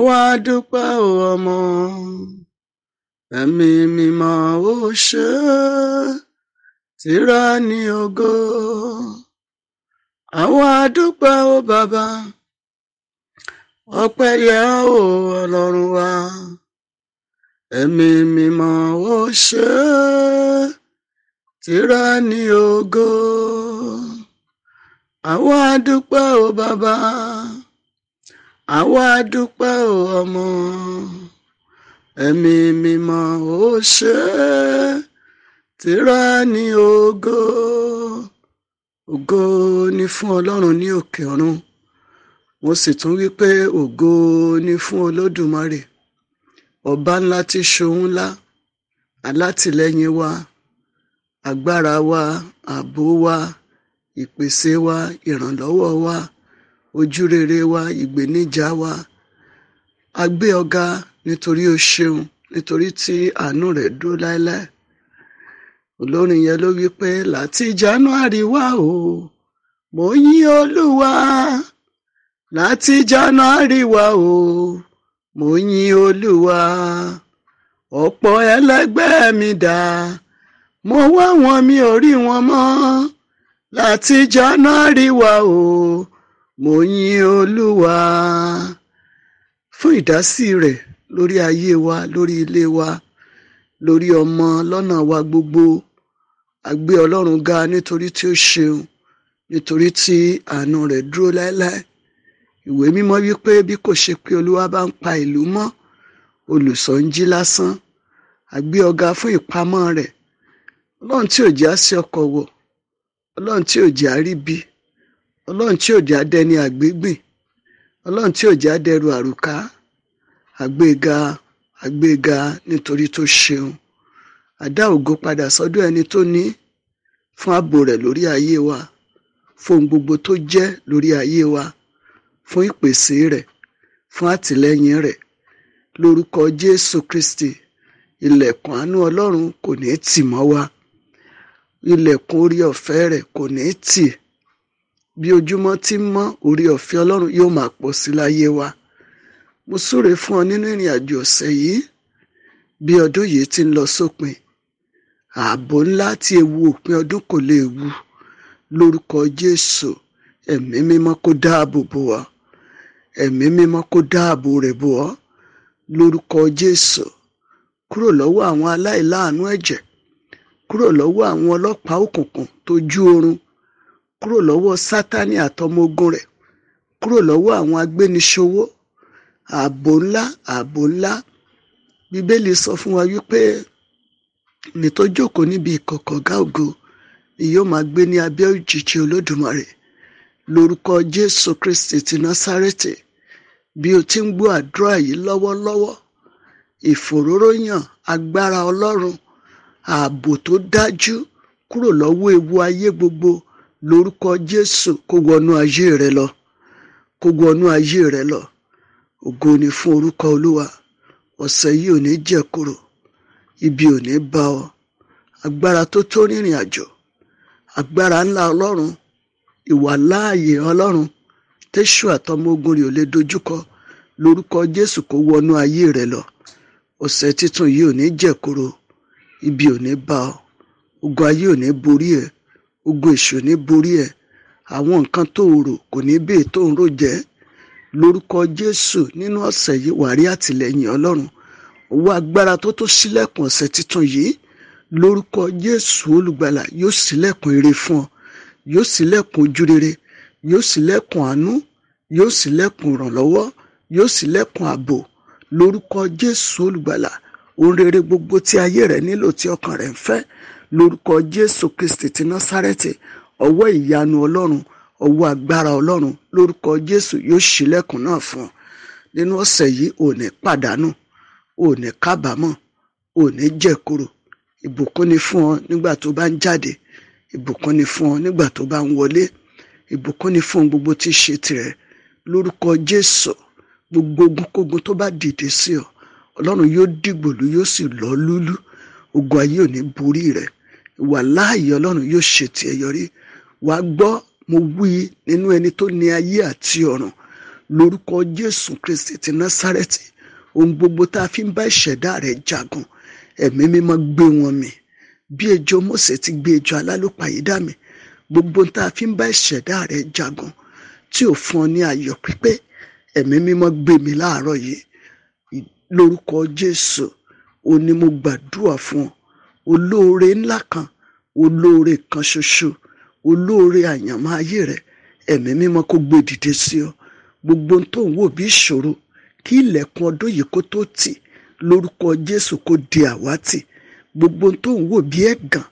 àwa dúpẹ́ o ọmọ ẹ̀mí mímọ́ ó ṣe tìrẹ ni ògo àwa dúpẹ́ o bàbá ọpẹ́ yẹ o ọlọ́run wa ẹ̀mí mímọ́ ó ṣe tìrẹ ni ògo àwa dúpẹ́ o bàbá àwa dúpẹ́ o ọmọ ẹ̀mí mímọ́ ó ṣe tìrẹ ni ògo ògo ni fún ọlọ́run ní òkè ọ̀run mo sì tún wí pé ògo ni fún olódùmarè ọba ńlá tí ṣohun ńlá alátìlẹ́yìn wa agbára wa ààbò wa ìpèsè wa ìrànlọ́wọ́ wa ojúrere wa ìgbéníjà wa a gbé ọ̀gá nítorí o ṣeun nítorí tí àánú rẹ̀ dúró láéláé olórin yẹn ló wí pé láti January wá o mo yìn Olúwa láti January wá o mo yìn Olúwa ọ̀pọ̀ ẹlẹgbẹ́ mi dà mo wá wọn mi ò rí wọn mọ́ láti January wá o. Mo yin Olúwa fún ìdásí rẹ̀ lórí ayé wa, lórí ilé wa, lórí ọmọ lọ́nà wa gbogbo. A gbé Ọlọ́run ga nítorí tí ó ṣeun, nítorí tí àánú rẹ̀ dúró láéláé. Ìwé mímọ́ wípé bí kò ṣe pé Olúwa bá ń pa ìlú mọ́, olùṣọ́ ń jí lásán. A gbé fún ìpamọ́ rẹ̀. Ọlọ́run tí ò jẹ́ á ṣi ọkọ̀ wọ̀, tí ò jẹ́ rí bí ọlọ́run tí òjì adẹni àgbégbìn ọlọ́run tí òjì adẹrù àrùká àgbéga àgbéga nítorí tó ṣeun àdá ògo padà sọ́dọ̀ ẹni tó ní fún ààbò rẹ̀ lórí ayé wa fún ohun gbogbo tó jẹ́ lórí ayé wa fún ìpèsè rẹ̀ fún àtìlẹ́yìn rẹ̀ lórúkọ Jésù Kristi ilẹ̀kùn àánú Ọlọ́run kò ní tì mọ́ wa ilẹ̀kùn orí ọ̀fẹ́ rẹ̀ kò ní tì bí ojúmọ́ ti ń mọ́ orí ọ̀fẹ́ ọlọ́run yóò máa pọ̀ sí láyé wa mo súre fún ọ nínú ìrìn àjò ọ̀sẹ̀ yìí bí ọdún yìí ti ń lọ sópin ààbò ńlá tí ewu òpin ọdún kò lè wu lórúkọ jésù ẹ̀mí mímọ́ kó dáàbò bò ọ́ ẹ̀mí mímọ́ kó dáàbò rẹ̀ bò ọ́ lórúkọ jésù kúrò lọ́wọ́ àwọn aláìláàánú ẹ̀jẹ̀ kúrò lọ́wọ́ àwọn ọlọ́pàá òkùnkùn tó jú oorun kúrò lọ́wọ́ sátani àtọmọ ogun rẹ̀ kúrò lọ́wọ́ àwọn agbéniṣòwò ààbò ńlá ààbò ńlá bíbélì sọ fún wa wípé ní tó jókòó níbi ìkọ̀kọ̀ ọ̀gá ògo ni yóò máa gbé ní abẹ́ òjìji olódùmarè lórúkọ jésù kristi ti násárẹ́tì bí o ti ń gbọ́ àdúrà yìí lọ́wọ́lọ́wọ́ ìfòróróyàn agbára ọlọ́run ààbò tó dájú kúrò lọ́wọ́ ewu ayé gbogbo lórúkọ jésù kó wọnú ayé rẹ lọ kó wọnú ayé rẹ lọ ògo ni fún orúkọ olúwa ọ̀sẹ̀ yìí ò ní jẹ́ kúrò ibi ò ní bá ọ agbára tó tó rìnrìn àjò agbára ńlá ọlọ́run ìwà láàyè ọlọ́run tẹ́sù àtọmọ ogun rẹ̀ ò lè dojúkọ lórúkọ jésù kó wọnú ayé rẹ lọ ọ̀sẹ̀ títún yìí ò ní jẹ́ kúrò ibi ò ní bá ọ ogun ayé ò ní borí ẹ ogun èṣù ní borí ẹ àwọn nǹkan tó o rò kò ní bèè tó ń rò jẹ́ lórúkọ jésù nínú ọ̀sẹ̀ yìí wàá rí àtìlẹ́yìn ọlọ́run owó agbára tó tó ṣílẹ̀kùn ọ̀sẹ̀ tuntun yìí lórúkọ jésù olùgbàlà yóò ṣílẹ̀kùn ire fún ọ yóò ṣílẹ̀kùn ojúrere yóò ṣílẹ̀kùn àánú yóò ṣílẹ̀kùn ìrànlọ́wọ́ yóò ṣílẹ̀kùn ààbò lórúkọ jésù olùgbàlà ohun rere gbogbo tí ayé rẹ nílò tí ọkàn rẹ ń fẹ́ lórúkọ jésù kristi ti násárẹ́tì ọwọ́ ìyanu ọlọ́run ọwọ́ agbára ọlọ́run lórúkọ jésù yóò ṣílẹ̀kùn náà fún ọ nínú ọ̀sẹ̀ yìí ò pàdánù ò ní kábàámọ̀ ò ìbùkún ni fún ọ nígbà tó bá ń jáde ìbùkún ni fún ọ nígbà tó bá ń wọlé ìbùkún ni fún gbogbo tí í ṣe tirẹ̀ lórúkọ jésù gbogbo ogunkógun tó bá dìde sí ọ ọlọ́run yóò dìgbòlú yóò sì lọ́ lúlú ogun ayé ò borí rẹ̀ wà láàyè ọlọ́run yóò ṣe tiẹ̀ yọrí wà á gbọ́ mo wí nínú ẹni tó ní ayé àti ọ̀run lórúkọ jésù kristi ti násárẹ́tì ohun gbogbo tá a fi ń bá ìṣẹ̀dá rẹ̀ jagun ẹ̀mí mímọ́ gbé wọn mì bí ejò Mósè ti gbé ejò alálùpàyídà mì gbogbo tá a fi ń bá ìṣẹ̀dá rẹ̀ jagun tí ò fún ọ ní ayọ̀ pípé ẹ̀mí mímọ́ gbé mi láàárọ̀ yìí lórúkọ jésù ó ní mo gbàdúrà fún ọ olóore ńlá kan olóore kan ṣoṣo olóore àyànmọ́ ayé rẹ ẹ̀mí mímọ́ kó gbé dìde sí ọ gbogbo ohun tó ń wò bí ìṣòro kí ilẹ̀kùn ọdún yìí kó tó tì lórúkọ Jésù kó di àwátì gbogbo ohun tó ń wò bí ẹ̀gàn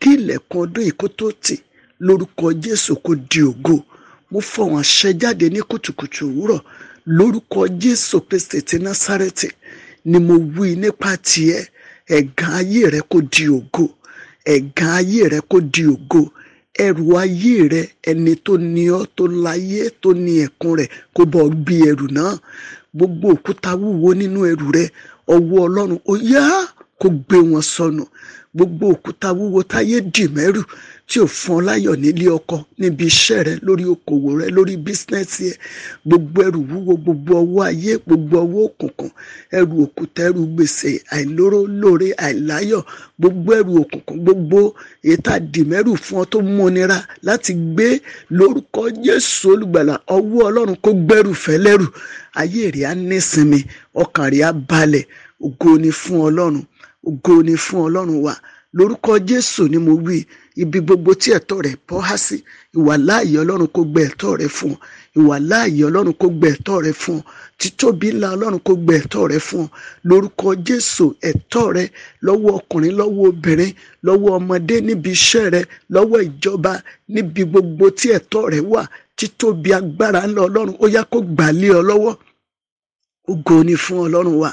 kí ilẹ̀kùn ọdún yìí kó tó tì lórúkọ Jésù kó di ògo mo fọ̀ wọ́n jáde ní kùtùkùtù òwúrọ̀ lórúkọ Jésù Kristi ti Násárẹ́tì ni mo wí nípa tiẹ̀ ẹ̀gàn ayé rẹ kò di ògo ẹ̀gàn ayé rẹ di ògo ẹrù ayé rẹ ẹni tó ní ọ tó láyé tó ní ẹ̀kún rẹ kò gbí ẹrù náà gbogbo òkúta wúwo nínú ẹrù rẹ ọwọ́ ọlọ́run ó yá kó gbé wọn sọnù gbogbo òkúta wúwo táyé dì tí ò fún ọ láyọ̀ nílé ọkọ níbi iṣẹ́ rẹ lórí okòwò rẹ lórí bísínẹ́sì ẹ gbogbo ẹrù wúwo gbogbo ọwọ́ ayé gbogbo ọwọ́ òkùnkùn ẹrù òkùtà ẹrù gbèsè àìlóró lóore àìláyọ̀ gbogbo ẹrù òkùnkùn gbogbo èyí tá a dì mẹ́rù fún ọ tó mú nira láti gbé lórúkọ Jésù olùgbàlà ọwọ́ Ọlọ́run kó gbẹ́rù fẹ́ ayé rẹ̀ á nísinmi ọkàn rẹ̀ á balẹ̀ ògo ni fún Ọlọ́run ògo ni fún Ọlọ́run wa lórúkọ Jésù ni mo wí ibi gbogbo tí ẹ̀tọ́ rẹ̀ bọ́ há sí ìwà láàyè ọlọ́run kó gbẹ ẹ̀tọ́ rẹ̀ fún ọ ìwà láàyè ọlọ́run kó gbẹ ẹ̀tọ́ rẹ̀ fún ọ títóbi ńlá ọlọ́run kó gbẹ ẹ̀tọ́ rẹ̀ fún ọ lórúkọ jésù ẹ̀tọ́ rẹ̀ lọ́wọ́ ọkùnrin lọ́wọ́ obìnrin lọ́wọ́ ọmọdé níbi iṣẹ́ rẹ̀ lọ́wọ́ ìjọba níbi gbogbo tí ẹ̀tọ́ rẹ̀ wà títóbi agbára ńlá ọlọ́run ó yá kó gbà ọ lọ́wọ́ ògo ni fún ọlọ́run wa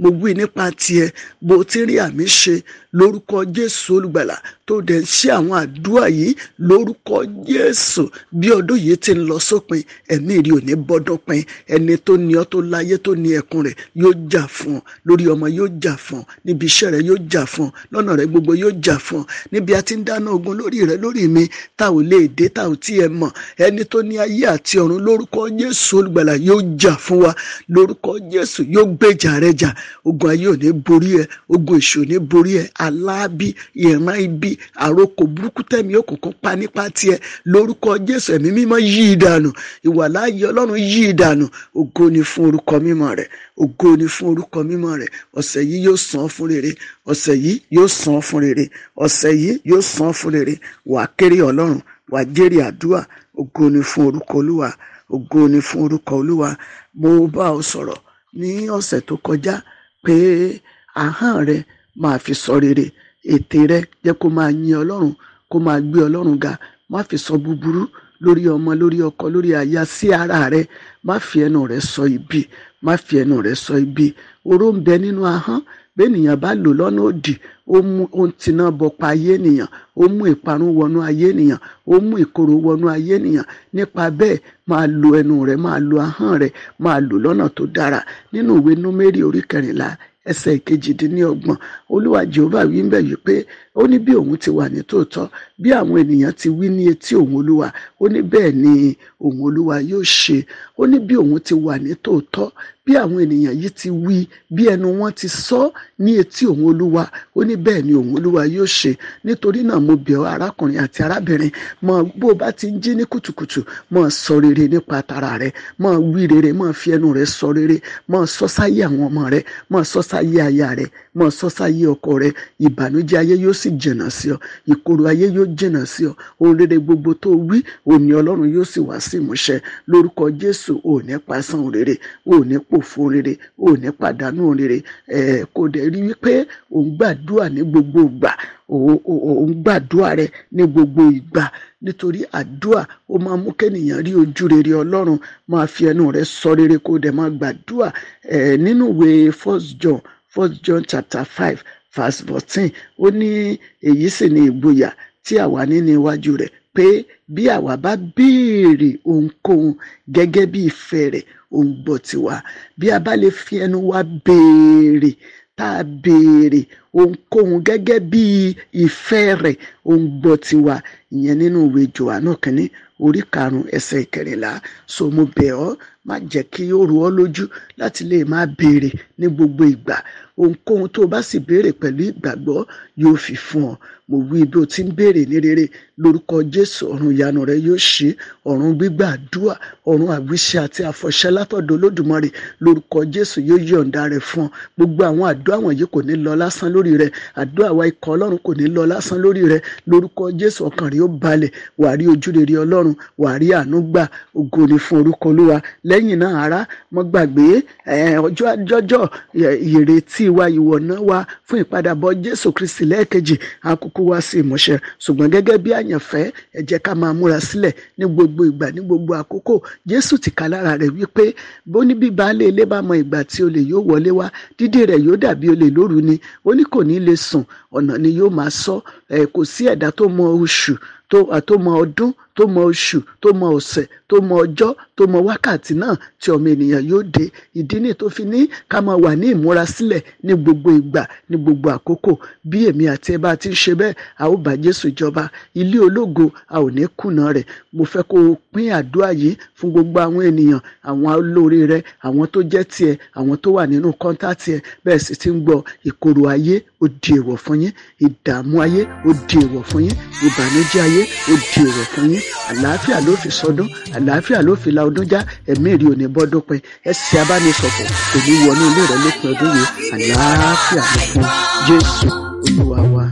mo wí nípa tiẹ̀ bó ti rí àmì ṣe lórúkọ jésù olùgbàlà tó dẹ̀ ṣe àwọn àdúrà yìí lórúkọ Jésù bí ọdún yìí ti ń lọ sópin ẹ̀mí rí òní bọ́dọ́pin ẹni tó ní ọ tó láyé tó ní ẹkún rẹ̀ yóò jà fún ọ lórí ọmọ yóò jà fún ọ níbi iṣẹ́ rẹ̀ yóò jà fún ọ lọ́nà rẹ̀ gbogbo yóò jà fún ọ níbi a ti ń dáná ogun lórí rẹ̀ lórí mi tá ò lè dé tá ò tí ẹ mọ̀ ẹni tó ní ayé àti ọ̀run lórúkọ Jésù olùgbàlà yóò jà fún wa lórúkọ Jésù yóò gbèjà rẹ̀ jà ogun ayé òní borí ẹ ogun èṣù borí ẹ aláàbí ìran ibi àrokò burúkú tẹ̀mí òkùnkùn pa nípa tiẹ̀ lórúkọ Jésù ẹ̀mí mímọ́ yí i dànù ìwàláyé Ọlọ́run yí i dànù ògo ni fún orúkọ mímọ́ rẹ̀ ògo ni fún orúkọ mímọ́ rẹ̀ ọ̀sẹ̀ yìí yóò san fún rere ọ̀sẹ̀ yìí yóò san fún rere ọ̀sẹ̀ yìí yóò san fún rere wàá kéré Ọlọ́run wàá jèrè àdúrà ògo ni fún orúkọ Olúwa ògo ni fún orúkọ Olúwa mo bá ọ sọ̀rọ̀ ní ọ̀sẹ̀ tó kọjá pé ahọ́n rẹ máa fi sọ rere ètè rẹ jẹ kó máa yin Ọlọ́run kó máa gbé Ọlọ́run ga má fi sọ búburú lórí ọmọ lórí ọkọ lórí àyà sí ara rẹ má fi ẹnu rẹ sọ ibi má fi ẹnu rẹ sọ ibi oró ń bẹ nínú ahọ́n bẹ́ẹ̀nìyàn bá lò lọ́nà òdì ó mú ohun tìǹà bọ̀pọ̀ ayé ènìyàn ó mú ìparun wọnú ayé ènìyàn ó mú ìkorò wọnú ayé ènìyàn nípa bẹ́ẹ̀ máa lo ẹnu rẹ máa lo ahọ́n rẹ máa lò lọ́nà tó dára nínú ìwé númérì orí kẹrìnlá ẹsẹ̀ kejìdínlọ́gbọ̀n olúwa jehova wí ń bẹ̀ yìí pé ó ní bí òun ti wà nítòótọ́ bí àwọn ènìyàn ti wí ní etí òun olúwa ó ní bẹ́ẹ̀ ni òun olúwa yóò ṣe ó ní bí òun ti wà ní tòótọ́ bí àwọn ènìyàn yìí ti wí bí ẹnu wọn ti sọ ní etí òun olúwa ó ní bẹ́ẹ̀ ni òun olúwa yóò ṣe nítorí náà mo bẹ̀ ọ́ arákùnrin àti arábìnrin mọ bó o bá ti ń jí ní kùtùkùtù mọ sọ rere nípa tara rẹ mọ wí rere mọ fi ẹnu rẹ sọ rere mọ sọ sáyé àwọn ọmọ rẹ mọ sọ sáyé aya rẹ mọ sọ sáyé ọkọ rẹ ìbànújẹ́ ayé yóò sì jìnnà sí ọ ìkorò ayé yóò jìnnà sí ọ ohun rere gbogbo tó wí òní ọlọ́run yóò sì wá sí ìmúṣẹ lórúkọ jésù òní pasán ohun rere òní pòfo ohun rere òní pàdánù ohun rere ẹ kò dẹ̀ rí wípé òun gbàdúrà ní gbogbo ìgbà òun gbàdúrà rẹ ní gbogbo ìgbà nítorí àdúrà ó máa mú kéèyàn rí ojú rere ọlọ́run máa fi ẹnu rẹ sọ rere kó dẹ̀ máa gbàdúrà ẹ nínú ìwé first john first john chapter five verse fourteen ó ní èyí sì ni ìgboyà tí àwa ní níwájú rẹ̀ pé bí àwa bá béèrè ohunkóhun gẹ́gẹ́ bí ìfẹ́ rẹ̀ òun gbọ́ tiwa bí a bá lè fi ẹnu wa béèrè tá a béèrè ohunkóhun gẹ́gẹ́ bí ìfẹ́ rẹ̀ òun gbọ́ tiwa ìyẹn nínú ìwé Jòhánù kínní orí karùnún ẹsẹ̀ ìkẹrìnlá so mo bẹ̀ ọ́ má jẹ́ kí ó rú ọ́ lójú láti lè máa béèrè ní gbogbo ìgbà ohunkóhun tó o bá sì béèrè pẹ̀lú ìgbàgbọ́ yóò fi fún ọ mo wí bí o ti ń béèrè ní rere lórúkọ Jésù ọ̀run ìyanu rẹ yóò ṣe ọ̀run gbígbà àdúrà ọ̀run àgbéṣe àti àfọ̀ṣẹ́ látọ̀dọ̀ Olódùmarè lórúkọ Jésù yóò yọ̀ǹda rẹ fún ọ gbogbo àwọn àdúrà wọ̀nyí kò ní lọ lásán lórí rẹ àdúrà wa ikọ̀ Ọlọ́run kò ní lọ lásán lórí rẹ lórúkọ Jésù ọkàn rẹ ó balẹ̀ wàá rí ojú rere Ọlọ́run ọlọ́run wàá rí àánú gbà ògo ni fún orúkọ olúwa lẹ́yìn náà ará mo gbàgbé ọjọ́ àjọjọ́ ìrètí wa ìwọ̀nà wa fún ìpadàbọ̀ jésù kristi lẹ́ẹ̀kejì àkókò wa sí ìmúṣẹ ṣùgbọ́n gẹ́gẹ́ bí àyànfẹ́ ẹ jẹ́ ká máa múra sílẹ̀ ní gbogbo ìgbà ní gbogbo àkókò jésù ti kà lára rẹ̀ wípé bó ní bí baálé ilé bá mọ ìgbà tí olè yóò wọlé wá dídé rẹ̀ yóò dàbí olè lóru ni ó ní kò ní lè sùn ọ̀nà ni yóò máa sọ ẹ̀ kò sí ẹ̀dá tó mọ oṣù tó mọ ọdún tó mọ oṣù tó mọ ọ̀sẹ̀ tó mọ ọjọ́ tó mọ wákàtí náà tí ọmọ ènìyàn yóò dé ìdí ni tó fi ní ká máa wà ní ìmúrasílẹ̀ ní gbogbo ìgbà ní gbogbo àkókò bí èmi àti ẹ bá ti ń ṣe bẹ́ẹ̀ a ó bá Jésù jọba ilé ológo a ò ní kùnà rẹ̀ mo fẹ́ kó o pín àdúrà yìí fún gbogbo àwọn ènìyàn àwọn olóore rẹ àwọn tó jẹ́ tiẹ̀ àwọn tó wà nínú kọ́ńtàtì ẹ bẹ́ẹ̀ sì ti ń gbọ́ ìkorò ayé ó di èèwọ̀ fún yín ìdààmú ayé ó di èèwọ̀ fún yín ìbànújẹ́ ayé ó di èèwọ̀ fún yín àlàáfíà ló fi sọdún àlàáfíà ló fi la ọdún já ẹ̀mí rí òní bọ́dún pin ẹsẹ̀ abánisọ̀kọ̀ kò ní wọnú ilé rẹ lópin ọdún yìí àlàáfíà ló fún Jésù Olúwa wa.